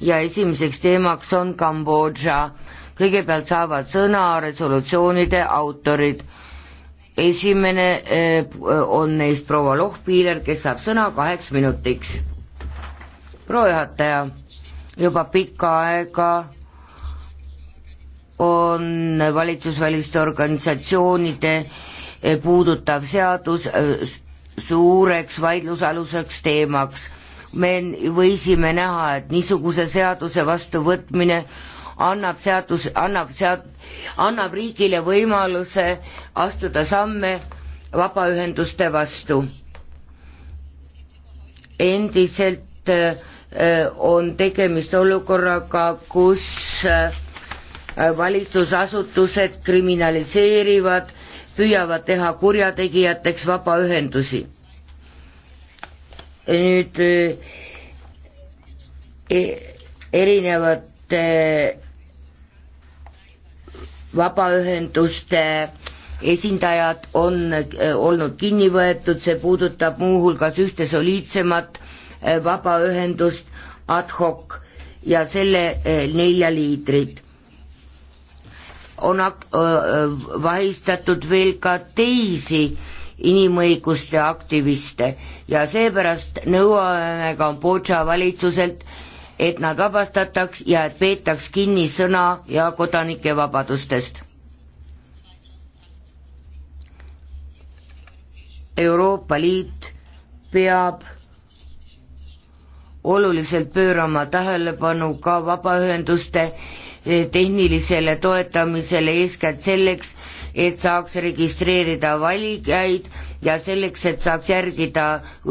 ja esimeseks teemaks on Kambodža. kõigepealt saavad sõna resolutsioonide autorid. esimene eh, on neist proua Lohpiiler, kes saab sõna kaheks minutiks. proua juhataja, juba pikka aega on valitsusväliste organisatsioonide eh, puudutav seadus eh, suureks vaidlusaluseks teemaks me võisime näha, et niisuguse seaduse vastuvõtmine annab seadus, annab sead-, annab riigile võimaluse astuda samme vabaühenduste vastu. endiselt äh, on tegemist olukorraga, kus äh, valitsusasutused kriminaliseerivad, püüavad teha kurjategijateks vabaühendusi nüüd eh, e, erinevate vabaühenduste esindajad on eh, olnud kinni võetud, see puudutab muuhulgas ühte soliidsemat eh, vabaühendust ad hoc ja selle nelja liidrit. on vahistatud veel ka teisi inimõiguste aktiviste ja seepärast nõuame Kambodža valitsuselt, et nad vabastataks ja et peetaks kinni sõna ja kodanike vabadustest. Euroopa Liit peab oluliselt pöörama tähelepanu ka vabaühenduste eh, tehnilisele toetamisele, eeskätt selleks, et saaks registreerida valijaid ja selleks, et saaks järgida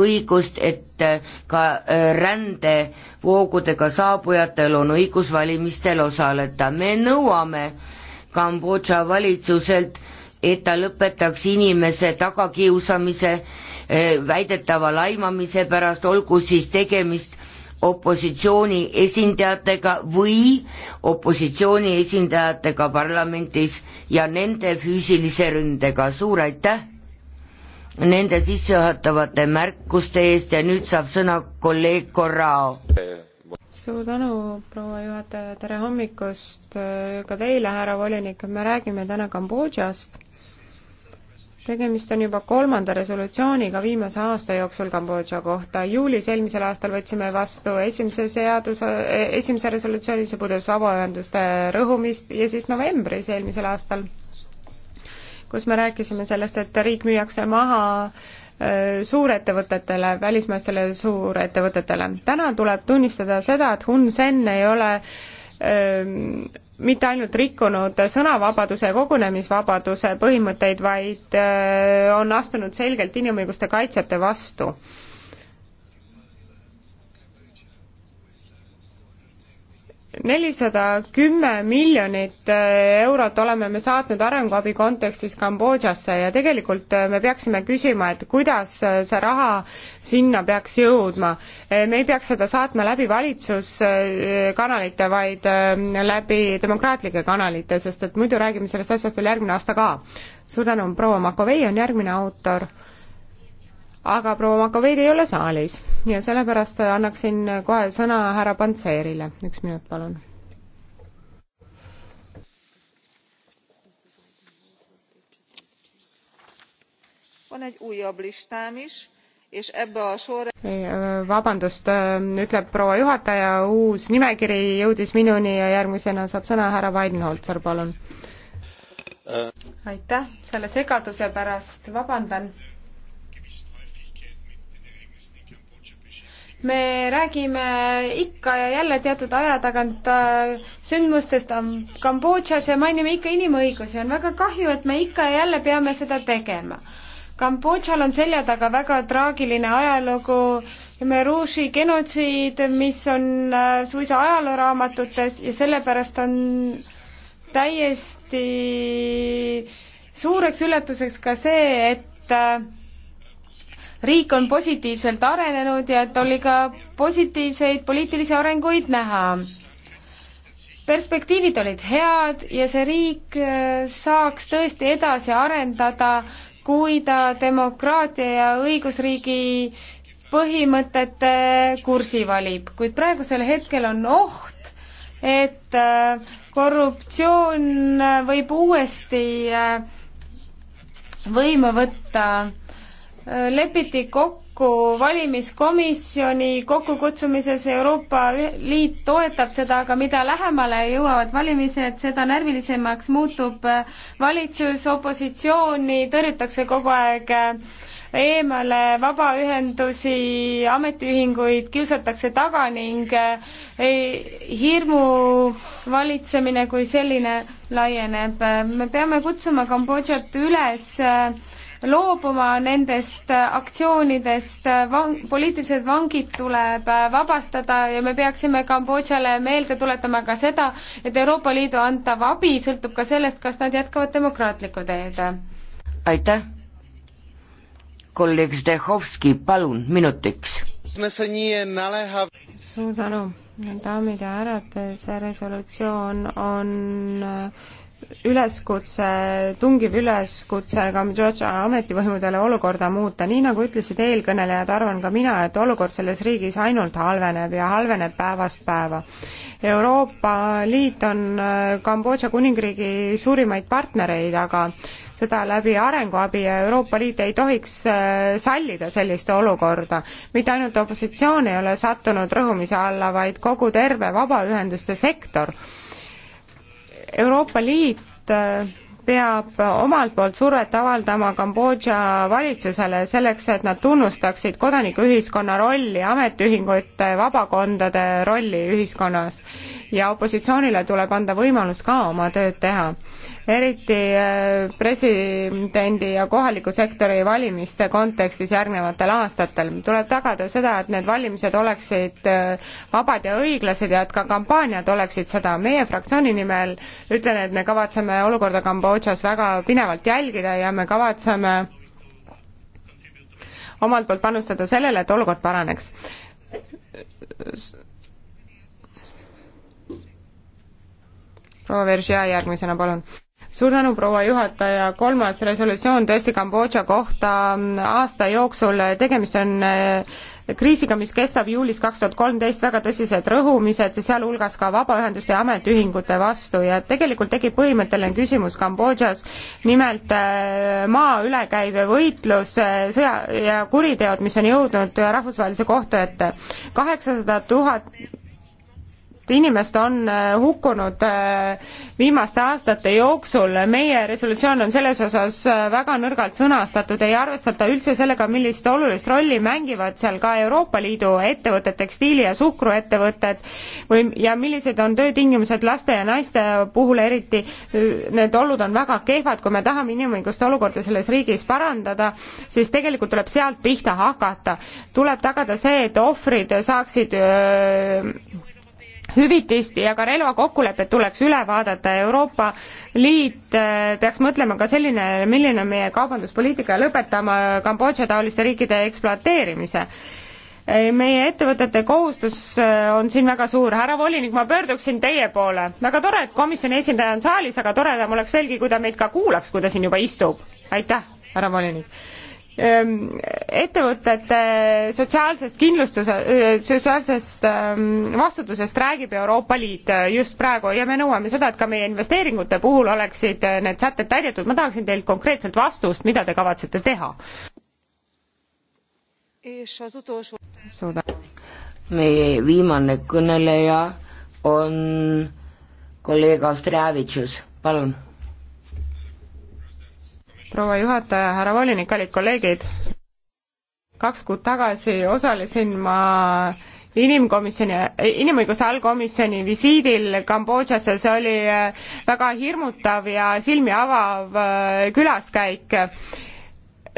õigust, et äh, ka äh, rändevoogudega saabujatel on õigus valimistel osaleda. me nõuame Kambodža valitsuselt, et ta lõpetaks inimese tagakiusamise, äh, väidetava laimamise pärast, olgu siis tegemist opositsiooni esindajatega või opositsiooni esindajatega parlamentis ja nende füüsilise ründega, suur aitäh nende sissejuhatavate märkuste eest ja nüüd saab sõna kolleeg Corrao. suur tänu, proua juhataja, tere hommikust ka teile, härra volinik, me räägime täna Kambodžast tegemist on juba kolmanda resolutsiooniga viimase aasta jooksul Kambodža kohta. juulis eelmisel aastal võtsime vastu esimese seaduse, esimese resolutsiooni, see puudutas vabaühenduste rõhumist ja siis novembris eelmisel aastal, kus me rääkisime sellest, et riik müüakse maha äh, suurettevõtetele, välismaistele suurettevõtetele. täna tuleb tunnistada seda, et Hun Sen ei ole äh, Ehm, mitte ainult rikkunud sõnavabaduse ja kogunemisvabaduse põhimõtteid, vaid äh, on astunud selgelt inimõiguste kaitsjate vastu nelisada kümme miljonit äh, eurot oleme me saatnud arenguabi kontekstis Kambodžasse ja tegelikult äh, me peaksime küsima, et kuidas äh, see raha sinna peaks jõudma. me ei peaks seda saatma läbi valitsuskanalite, vaid läbi demokraatlike kanalite, sest et muidu räägime sellest asjast veel järgmine aasta ka. suur tänu, proua Makovei on järgmine autor aga proua Makoveid ei ole saalis ja sellepärast annaksin kohe sõna härra Pantseerile, üks minut, palun. vabandust, ütleb proua juhataja, uus nimekiri jõudis minuni ja järgmisena saab sõna härra Weidenholzer, palun. Äh. aitäh selle segaduse pärast, vabandan me räägime ikka ja jälle teatud aja tagant äh, sündmustest Kambodžas ja mainime ikka inimõigusi. on väga kahju, et me ikka ja jälle peame seda tegema Kambodžal on selja taga väga traagiline ajalugu, Meruši genotsiid, mis on äh, suisa ajalooraamatutes ja sellepärast on täiesti suureks üllatuseks ka see, et äh, riik on positiivselt arenenud ja et oli ka positiivseid poliitilisi arenguid näha. perspektiivid olid head ja see riik äh, saaks tõesti edasi arendada, kui ta demokraatia ja õigusriigi põhimõtete kursi valib, kuid praegusel hetkel on oht, et äh, korruptsioon võib uuesti äh, võimu võtta Äh, lepiti kokku valimiskomisjoni kokkukutsumises, Euroopa Liit toetab seda, aga mida lähemale jõuavad valimised, seda närvilisemaks muutub äh, valitsus, opositsiooni tõrjutakse kogu aeg äh, eemale, vabaühendusi, ametiühinguid kiusatakse taga ning hirmu valitsemine kui selline laieneb. me peame kutsuma Kambodžat üles loobuma nendest aktsioonidest, vang-, poliitilised vangid tuleb äh, vabastada ja me peaksime Kambodžale meelde tuletama ka seda, et Euroopa Liidu antav abi sõltub ka sellest, kas nad jätkavad demokraatlikku teed. aitäh! kolleeg Zdehovski, palun minutiks. suur tänu daamid ja härrad, see resolutsioon on äh, üleskutse, tungiv üleskutse ka Georgia ametivõimudele olukorda muuta, nii nagu ütlesid eelkõnelejad, arvan ka mina, et olukord selles riigis ainult halveneb ja halveneb päevast päeva. Euroopa Liit on äh, Kambodža kuningriigi suurimaid partnereid, aga seda läbi arenguabi ja Euroopa Liit ei tohiks äh, sallida sellist olukorda. mitte ainult opositsioon ei ole sattunud rõhumise alla, vaid kogu terve vabaühenduste sektor. Euroopa Liit äh, peab omalt poolt survet avaldama Kambodža valitsusele selleks, et nad tunnustaksid kodanikuühiskonna rolli, ametiühingute, vabakondade rolli ühiskonnas ja opositsioonile tuleb anda võimalus ka oma tööd teha eriti äh, presidendi ja kohaliku sektori valimiste kontekstis järgnevatel aastatel. tuleb tagada seda, et need valimised oleksid äh, vabad ja õiglased ja et ka kampaaniad oleksid seda. meie fraktsiooni nimel ütlen, et me kavatseme olukorda Kambodžas väga pinevalt jälgida ja me kavatseme omalt poolt panustada sellele, et olukord paraneks. proua Veržia järgmisena, palun suur tänu, proua juhataja, kolmas resolutsioon tõesti Kambodža kohta aasta jooksul, tegemist on eh, kriisiga, mis kestab juulist kaks tuhat kolmteist, väga tõsised rõhumised, sealhulgas ka vabaühenduste ja ametiühingute vastu ja tegelikult tekib põhimõtteline küsimus Kambodžas, nimelt eh, maa ülekäiv võitlus, eh, sõja ja kuriteod, mis on jõudnud rahvusvahelise kohtu ette. kaheksasada tuhat inimest on äh, hukkunud äh, viimaste aastate jooksul. meie resolutsioon on selles osas äh, väga nõrgalt sõnastatud, ei arvestata üldse sellega, millist olulist rolli mängivad seal ka Euroopa Liidu ettevõtted, tekstiili- ja suhkruettevõtted või, ja millised on töötingimused laste ja naiste puhul eriti. Need olud on väga kehvad, kui me tahame inimõiguste olukorda selles riigis parandada, siis tegelikult tuleb sealt pihta hakata. tuleb tagada see, et ohvrid saaksid öö, hüvitist ja ka relvakokkulepped tuleks üle vaadata, Euroopa Liit äh, peaks mõtlema ka selline, milline on meie kaubanduspoliitika ja lõpetama Kambodža taoliste riikide ekspluateerimise äh, meie ettevõtete kohustus äh, on siin väga suur. härra volinik, ma pöörduksin teie poole. väga tore, et komisjoni esindaja on saalis, aga toredam oleks veelgi, kui ta meid ka kuulaks, kui ta siin juba istub. aitäh, härra volinik Ehm, ettevõtete sotsiaalsest kindlustuse, sotsiaalsest ehm, vastutusest räägib Euroopa Liit äh, just praegu ja me nõuame seda, et ka meie investeeringute puhul oleksid äh, need sätted täidetud. ma tahaksin teilt konkreetselt vastust, mida te kavatsete teha? suur tänu. meie viimane kõneleja on kolleeg Austrevitšus, palun proua juhataja, härra volinik, kallid kolleegid. kaks kuud tagasi osalesin ma inimkomisjoni, inimõiguse allkomisjoni visiidil Kambodžasse, see oli äh, väga hirmutav ja silmi avav äh, külaskäik.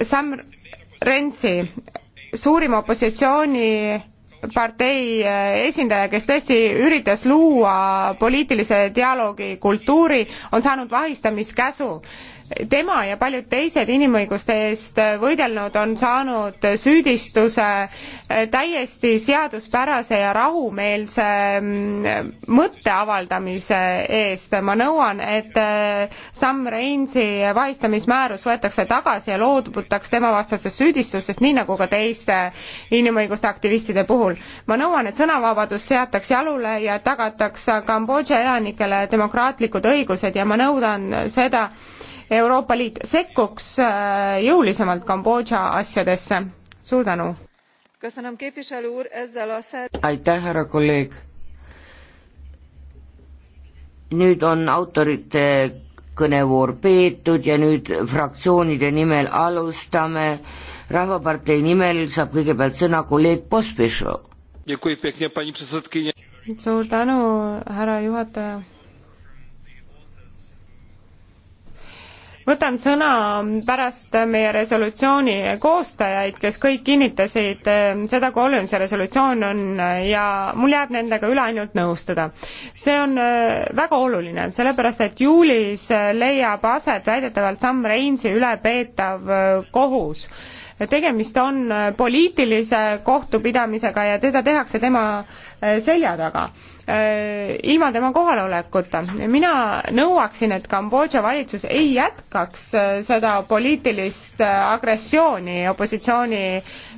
Sam Rensi, suurim opositsioonipartei äh, esindaja, kes tõesti üritas luua poliitilise dialoogi kultuuri, on saanud vahistamiskäsu tema ja paljud teised inimõiguste eest võidelnud on saanud süüdistuse täiesti seaduspärase ja rahumeelse mm, mõtte avaldamise eest. ma nõuan, et äh, Sam Rainsi vahistamismäärus võetakse tagasi ja loobutaks tema vastasest süüdistusest, nii nagu ka teiste inimõiguste aktivistide puhul. ma nõuan, et sõnavabadus seataks jalule ja tagataks Kambodža elanikele demokraatlikud õigused ja ma nõudan seda, Euroopa Liit sekkuks äh, jõulisemalt Kambodža asjadesse. suur tänu! aitäh, härra kolleeg! nüüd on autorite kõnevoor peetud ja nüüd fraktsioonide nimel alustame. rahvapartei nimel saab kõigepealt sõna kolleeg Pospišov. suur tänu, härra juhataja võtan sõna pärast meie resolutsiooni koostajaid, kes kõik kinnitasid eh, seda, kui oluline see resolutsioon on eh, ja mul jääb nendega üle ainult nõustuda. see on eh, väga oluline, sellepärast et juulis leiab aset väidetavalt Sam Rainsi üle peetav kohus tegemist on poliitilise kohtupidamisega ja teda tehakse tema selja taga Äh, ilma tema kohalolekuta. mina nõuaksin, et Kambodža valitsus ei jätkaks äh, seda poliitilist äh, agressiooni opositsiooni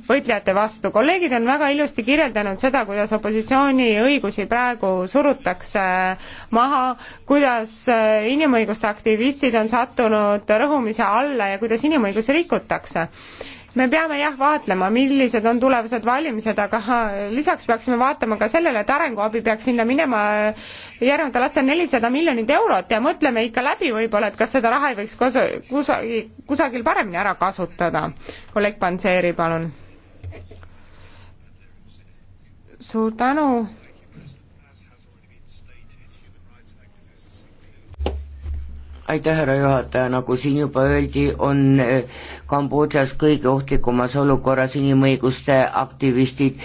võitlejate vastu. kolleegid on väga ilusti kirjeldanud seda, kuidas opositsiooni õigusi praegu surutakse maha, kuidas inimõiguste aktivistid on sattunud rõhumise alla ja kuidas inimõigusi rikutakse me peame jah vaatlema, millised on tulevased valimised, aga lisaks peaksime vaatama ka sellele, et arenguabi peaks sinna minema järgnevatel aastatel nelisada miljonit eurot ja mõtleme ikka läbi võib-olla, et kas seda raha ei võiks kus, kusagil, kusagil paremini ära kasutada. kolleeg Panseeri, palun. suur tänu aitäh, härra juhataja, nagu siin juba öeldi, on eh, Kambodžas kõige ohtlikumas olukorras inimõiguste aktivistid,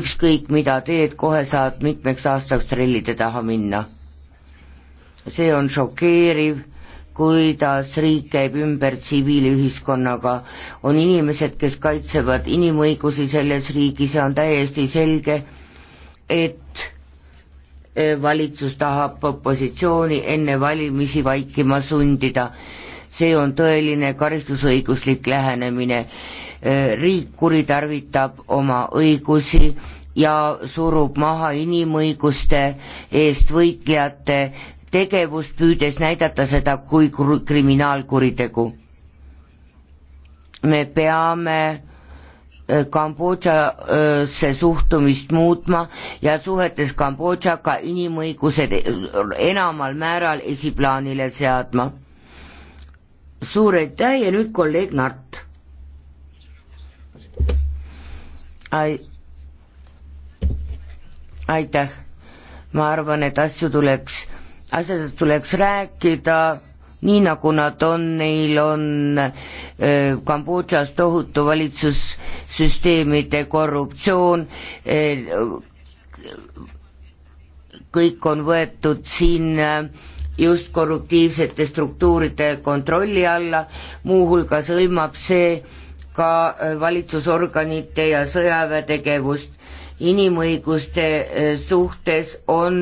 ükskõik mida teed, kohe saad mitmeks aastaks trellide taha minna. see on šokeeriv, kuidas riik käib ümber tsiviilühiskonnaga, on inimesed, kes kaitsevad inimõigusi selles riigis ja on täiesti selge, et Eh, valitsus tahab opositsiooni enne valimisi vaikima sundida. see on tõeline karistusõiguslik lähenemine. Eh, riik kuritarvitab oma õigusi ja surub maha inimõiguste eest võitlejate tegevust, püüdes näidata seda kui kriminaalkuritegu. me peame Kambodžasse suhtumist muutma ja suhetes Kambodžaga inimõigused enamal määral esiplaanile seadma. suur aitäh ja nüüd kolleeg Nart. ai-, aitäh, ma arvan, et asju tuleks, asjadest tuleks rääkida nii nagu nad on, neil on Kambodžas tohutu valitsus süsteemide korruptsioon, eh, kõik on võetud siin eh, just korruptiivsete struktuuride kontrolli alla, muuhulgas hõlmab see ka eh, valitsusorganite ja sõjaväe tegevust. inimõiguste suhtes on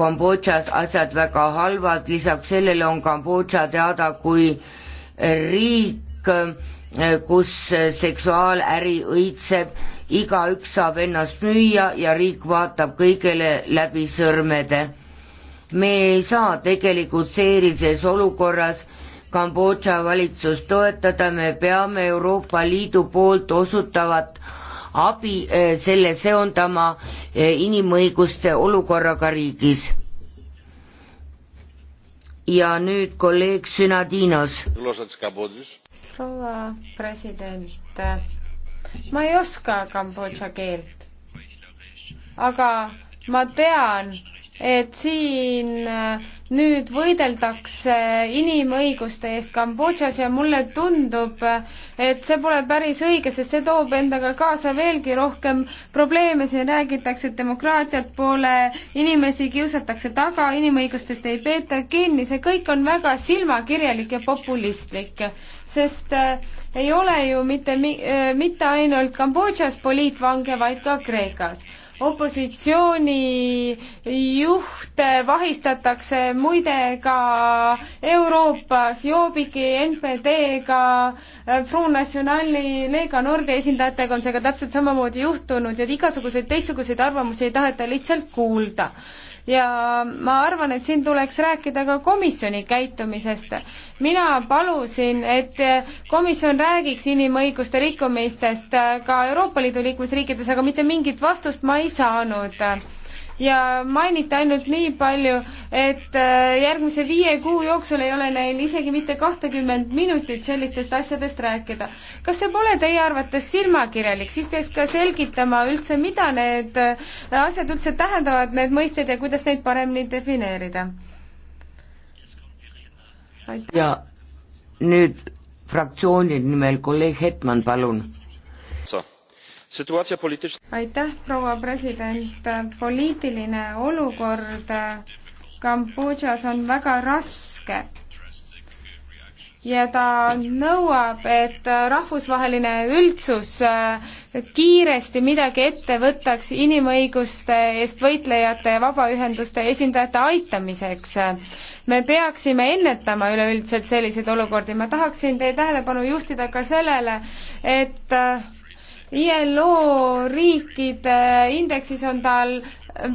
Kambodžas asjad väga halvad, lisaks sellele on Kambodža teada kui riik, kus seksuaaläri õitseb, igaüks saab ennast müüa ja riik vaatab kõigele läbi sõrmede. me ei saa tegelikult sellises olukorras Kambodža valitsust toetada, me peame Euroopa Liidu poolt osutavat abi eh, selle seondama eh, inimõiguste olukorraga riigis ja nüüd kolleeg Sünadinos. proua president, ma ei oska kambodža keelt, aga ma tean, et siin äh, nüüd võideldakse inimõiguste eest Kambodžas ja mulle tundub, et see pole päris õige, sest see toob endaga kaasa veelgi rohkem probleeme, siin räägitakse, et demokraatiat pole, inimesi kiusatakse taga, inimõigustest ei peeta kinni, see kõik on väga silmakirjalik ja populistlik sest äh, ei ole ju mitte, äh, mitte ainult Kambodžas poliitvange, vaid ka Kreekas opositsiooni juhte vahistatakse muide ka Euroopas Joobiki, NPD-ga, Front Nationali, Lega Nordi esindajatega on see ka täpselt samamoodi juhtunud ja igasuguseid teistsuguseid arvamusi ei taheta lihtsalt kuulda ja ma arvan, et siin tuleks rääkida ka komisjoni käitumisest. mina palusin, et komisjon räägiks inimõiguste rikkumistest ka Euroopa Liidu liikmesriikides, aga mitte mingit vastust ma ei saanud ja mainiti ainult nii palju, et äh, järgmise viie kuu jooksul ei ole neil isegi mitte kahtekümmend minutit sellistest asjadest rääkida. kas see pole teie arvates silmakirjalik, siis peaks ka selgitama üldse, mida need äh, asjad üldse tähendavad, need mõisted ja kuidas neid paremini defineerida? ja nüüd fraktsiooni nimel kolleeg Hetman, palun aitäh, proua president, poliitiline olukord Kambodžas on väga raske ja ta nõuab, et rahvusvaheline üldsus kiiresti midagi ette võtaks inimõiguste eest võitlejate ja vabaühenduste esindajate aitamiseks. me peaksime ennetama üleüldiselt selliseid olukordi, ma tahaksin teie tähelepanu juhtida ka sellele, et ILO riikide indeksis on tal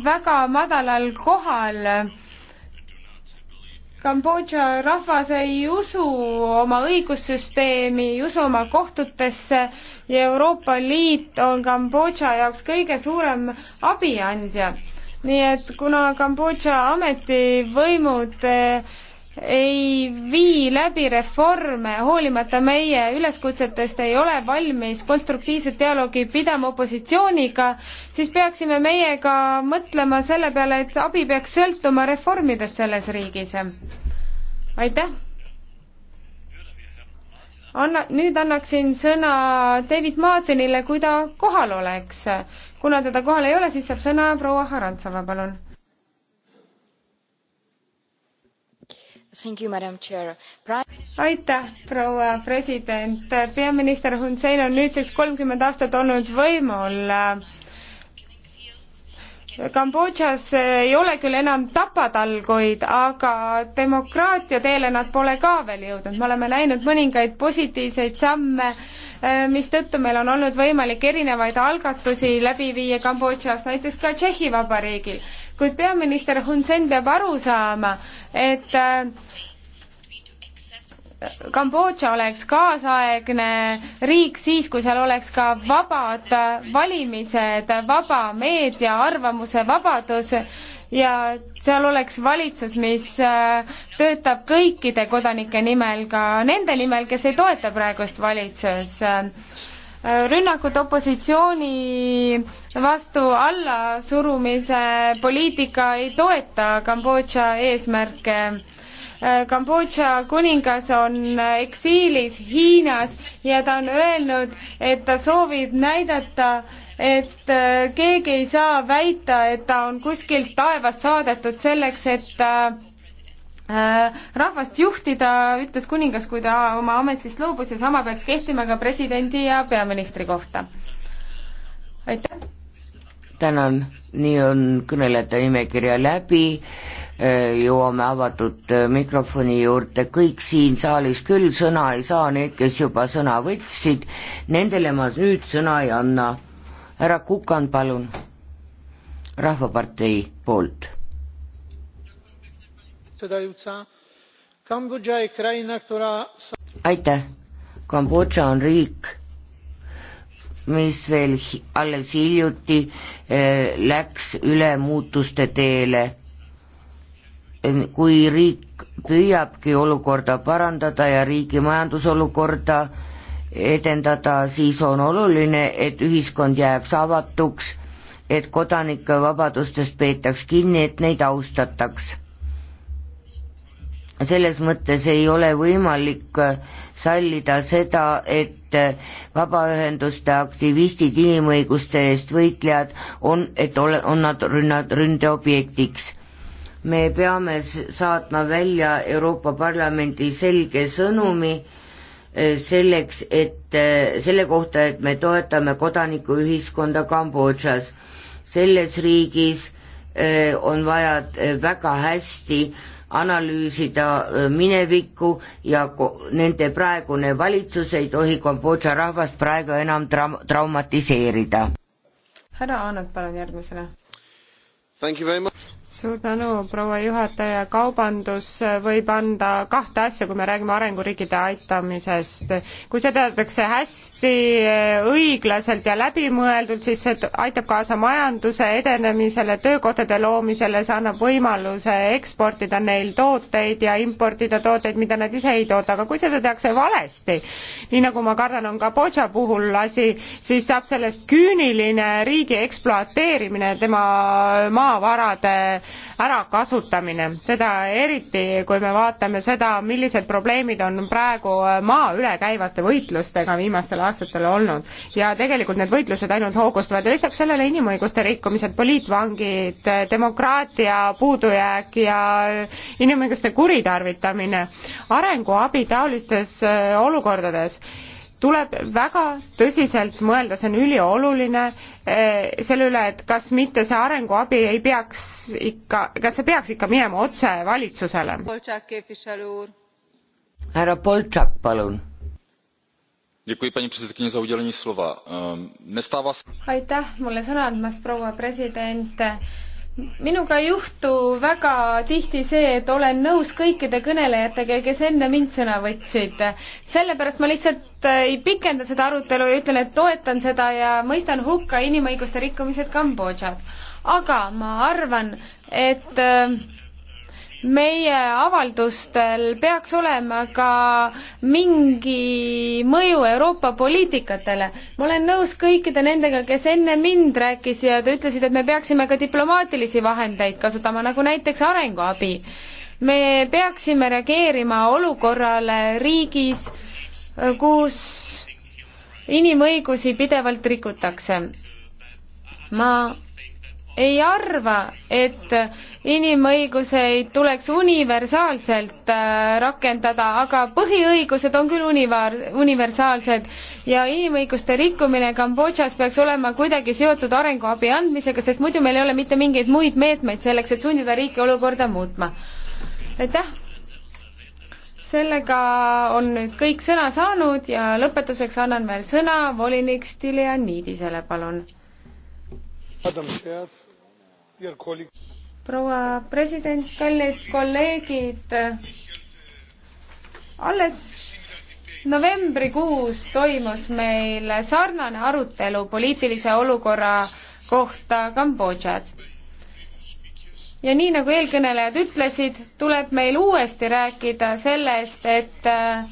väga madalal kohal. Kambodža rahvas ei usu oma õigussüsteemi, ei usu oma kohtutesse ja Euroopa Liit on Kambodža jaoks kõige suurem abiandja. nii et kuna Kambodža ametivõimud eh, ei vii läbi reforme, hoolimata meie üleskutsetest ei ole valmis konstruktiivset dialoogi pidama opositsiooniga, siis peaksime meie ka mõtlema selle peale, et abi peaks sõltuma reformidest selles riigis. aitäh! anna, nüüd annaksin sõna David Martinile, kui ta kohal oleks. kuna teda kohal ei ole, siis saab sõna proua Harantsova, palun aitäh, proua president. peaminister Hussein on nüüdseks kolmkümmend aastat olnud võimul äh, Kambodžas ei ole küll enam tapatalguid, aga demokraatia teele nad pole ka veel jõudnud, me oleme näinud mõningaid positiivseid samme, eh, mistõttu meil on olnud võimalik erinevaid algatusi läbi viia Kambodžas, näiteks ka Tšehhi Vabariigil. kuid peaminister Hun Sen peab aru saama, et eh, Kambodža oleks kaasaegne riik siis, kui seal oleks ka vabad valimised, vaba meedia, arvamusevabadus ja seal oleks valitsus, mis äh, töötab kõikide kodanike nimel, ka nende nimel, kes ei toeta praegust valitsust äh, rünnakud opositsiooni vastu allasurumise poliitika ei toeta Kambodža eesmärke Äh, Kambodža kuningas on äh, eksiilis Hiinas ja ta on öelnud, et ta soovib näidata, et äh, keegi ei saa väita, et ta on kuskilt taevast saadetud selleks, et rahvast juhtida, ütles kuningas, kui ta oma ametist loobus ja sama peaks kehtima ka presidendi ja peaministri kohta. aitäh! tänan, nii on kõnelejate nimekirja läbi Äh, jõuame avatud äh, mikrofoni juurde, kõik siin saalis küll sõna ei saa, need, kes juba sõna võtsid, nendele ma nüüd sõna ei anna. härra Kukan, palun, Rahvapartei poolt. aitäh, Kambodža on riik, mis veel alles hiljuti äh, läks üle muutuste teele kui riik püüabki olukorda parandada ja riigi majandusolukorda edendada, siis on oluline, et ühiskond jääks avatuks, et kodanike vabadustest peetaks kinni, et neid austataks. selles mõttes ei ole võimalik sallida seda, et vabaühenduste aktivistid, inimõiguste eest võitlejad on, et ole, on nad rünnad, ründe objektiks me peame saatma välja Euroopa Parlamendi selge sõnumi eh, selleks, et eh, selle kohta, et me toetame kodanikuühiskonda Kambodžas. selles riigis eh, on vaja väga hästi analüüsida minevikku ja nende praegune valitsus ei tohi Kambodža rahvast praegu enam tra-, traumatiseerida. härra Aanet, palun järgmisena suur tänu, proua juhataja, kaubandus võib anda kahte asja, kui me räägime arenguriikide aitamisest. kui seda teatakse hästi, õiglaselt ja läbimõeldult, siis see aitab kaasa majanduse edenemisele, töökohtade loomisele, see annab võimaluse eksportida neil tooteid ja importida tooteid, mida nad ise ei tooda, aga kui seda tehakse valesti, nii nagu ma kardan, on Kambodža puhul asi, siis saab sellest küüniline riigi ekspluateerimine tema maavarade ärakasutamine. seda eriti, kui me vaatame seda, millised probleemid on praegu äh, maa üle käivate võitlustega viimastel aastatel olnud. ja tegelikult need võitlused ainult hoogustuvad ja lisaks sellele inimõiguste rikkumised, poliitvangid, äh, demokraatia puudujääk ja äh, inimõiguste kuritarvitamine, arenguabi taolistes olukordades tuleb väga tõsiselt mõelda, see on ülioluline, eh, selle üle, et kas mitte see arenguabi ei peaks ikka, kas see peaks ikka minema otse valitsusele? härra Boltšak, palun. Ehm, aitäh mulle sõna andmast, proua president minuga ei juhtu väga tihti see, et olen nõus kõikide kõnelejatega, kes enne mind sõna võtsid. sellepärast ma lihtsalt ei pikenda seda arutelu ja ütlen, et toetan seda ja mõistan hukka inimõiguste rikkumised Kambodžas. aga ma arvan, et äh, meie avaldustel peaks olema ka mingi mõju Euroopa poliitikatele. ma olen nõus kõikide nendega, kes enne mind rääkis ja te ütlesite, et me peaksime ka diplomaatilisi vahendeid kasutama, nagu näiteks arenguabi. me peaksime reageerima olukorrale riigis, kus inimõigusi pidevalt rikutakse. ma ei arva, et inimõiguseid tuleks universaalselt äh, rakendada, aga põhiõigused on küll univar-, universaalsed ja inimõiguste rikkumine Kambodžas peaks olema kuidagi seotud arenguabi andmisega, sest muidu meil ei ole mitte mingeid muid meetmeid selleks, et sundida riiki olukorda muutma. aitäh! sellega on nüüd kõik sõna saanud ja lõpetuseks annan veel sõna volinik Stiljanidisele, palun madam president proua president, kallid kolleegid, alles novembrikuus toimus meil sarnane arutelu poliitilise olukorra kohta Kambodžas. ja nii, nagu eelkõnelejad ütlesid, tuleb meil uuesti rääkida sellest, et äh,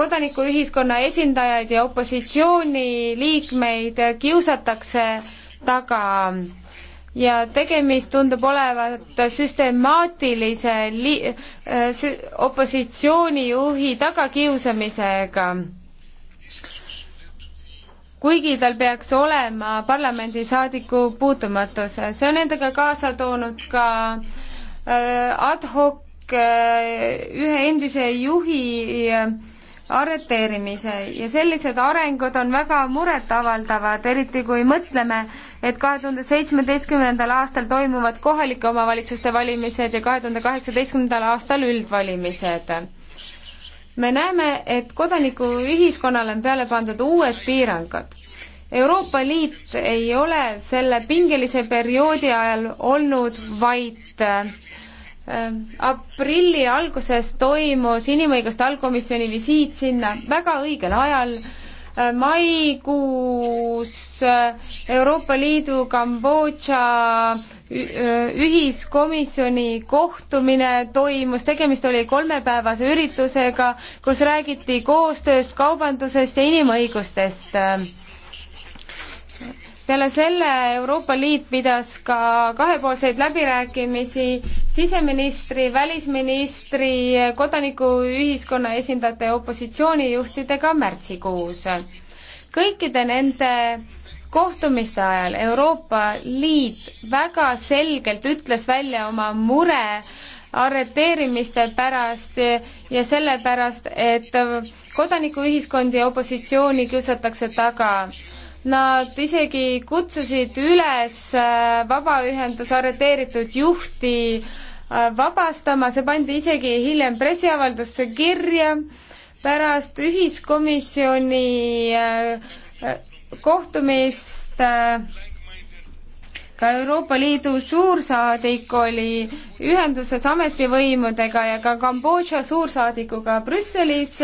kodanikuühiskonna esindajaid ja opositsiooniliikmeid kiusatakse taga ja tegemist tundub olevat süstemaatilise li-, äh, opositsioonijuhi tagakiusamisega. kuigi tal peaks olema parlamendisaadiku puutumatus, see on endaga kaasa toonud ka äh, ad hoc äh, ühe endise juhi arreteerimise ja sellised arengud on väga muretavaldavad, eriti kui mõtleme, et kahe tuhande seitsmeteistkümnendal aastal toimuvad kohalike omavalitsuste valimised ja kahe tuhande kaheksateistkümnendal aastal üldvalimised. me näeme, et kodanikuühiskonnale on peale pandud uued piirangud. Euroopa Liit ei ole selle pingelise perioodi ajal olnud vaid Ehm, aprilli alguses toimus inimõiguste allkomisjoni visiit sinna väga õigel ajal. Ehm, maikuus eh, Euroopa Liidu Kambodža eh, ühiskomisjoni kohtumine toimus, tegemist oli kolmepäevase üritusega, kus räägiti koostööst, kaubandusest ja inimõigustest ehm, peale selle Euroopa Liit pidas ka kahepoolseid läbirääkimisi siseministri, välisministri, kodanikuühiskonna esindajate ja opositsioonijuhtidega märtsikuus. kõikide nende kohtumiste ajal Euroopa Liit väga selgelt ütles välja oma mure arreteerimiste pärast ja sellepärast, et kodanikuühiskondi ja opositsiooni kiusatakse taga. Nad isegi kutsusid üles äh, vabaühenduse arreteeritud juhti äh, vabastama, see pandi isegi hiljem pressiavaldusse kirja, pärast ühiskomisjoni äh, kohtumist ka Euroopa Liidu suursaadik oli ühenduses ametivõimudega ja ka Kambodža suursaadikuga Brüsselis,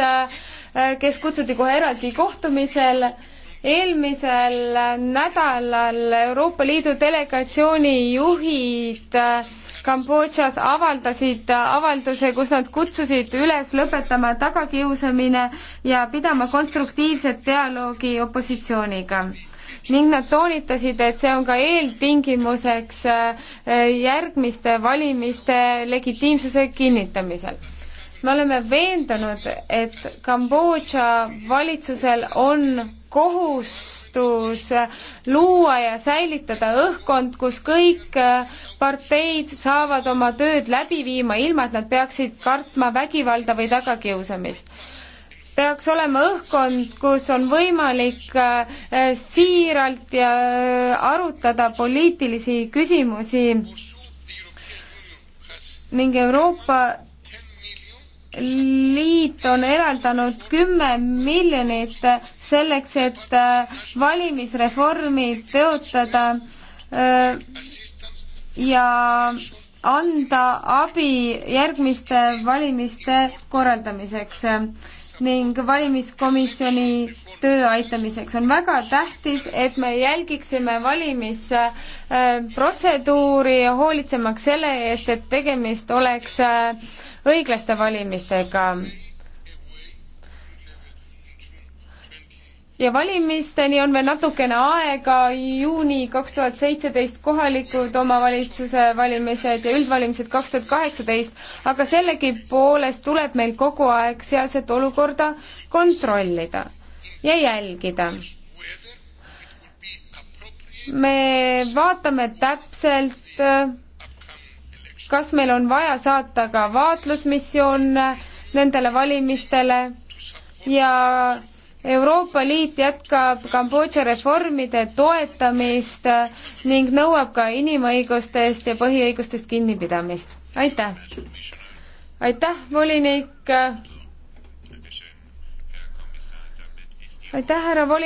kes kutsuti kohe eraldi kohtumisel eelmisel nädalal Euroopa Liidu delegatsiooni juhid äh, Kambodžas avaldasid äh, avalduse, kus nad kutsusid üles lõpetama tagakiusamine ja pidama konstruktiivset dialoogi opositsiooniga ning nad toonitasid, et see on ka eeltingimuseks äh, järgmiste valimiste legitiimsuse kinnitamisel me oleme veendunud, et Kambodža valitsusel on kohustus luua ja säilitada õhkkond, kus kõik äh, parteid saavad oma tööd läbi viima, ilma et nad peaksid kartma vägivalda või tagakiusamist. peaks olema õhkkond, kus on võimalik äh, siiralt ja äh, arutada poliitilisi küsimusi ning Euroopa liit on eraldanud kümme miljonit selleks, et äh, valimisreformi teotada äh, ja anda abi järgmiste valimiste korraldamiseks ning valimiskomisjoni töö aitamiseks. on väga tähtis, et me jälgiksime valimisprotseduuri ja hoolitsemaks selle eest, et tegemist oleks õiglaste valimistega ja valimisteni on veel natukene aega, juuni kaks tuhat seitseteist kohalikud omavalitsuse valimised ja üldvalimised kaks tuhat kaheksateist, aga sellegipoolest tuleb meil kogu aeg sealset olukorda kontrollida ja jälgida. me vaatame täpselt, kas meil on vaja saata ka vaatlusmissioon nendele valimistele ja Euroopa Liit jätkab Kambodža reformide toetamist ning nõuab ka inimõigustest ja põhiõigustest kinnipidamist. aitäh! aitäh, volinik! aitäh, härra volinik!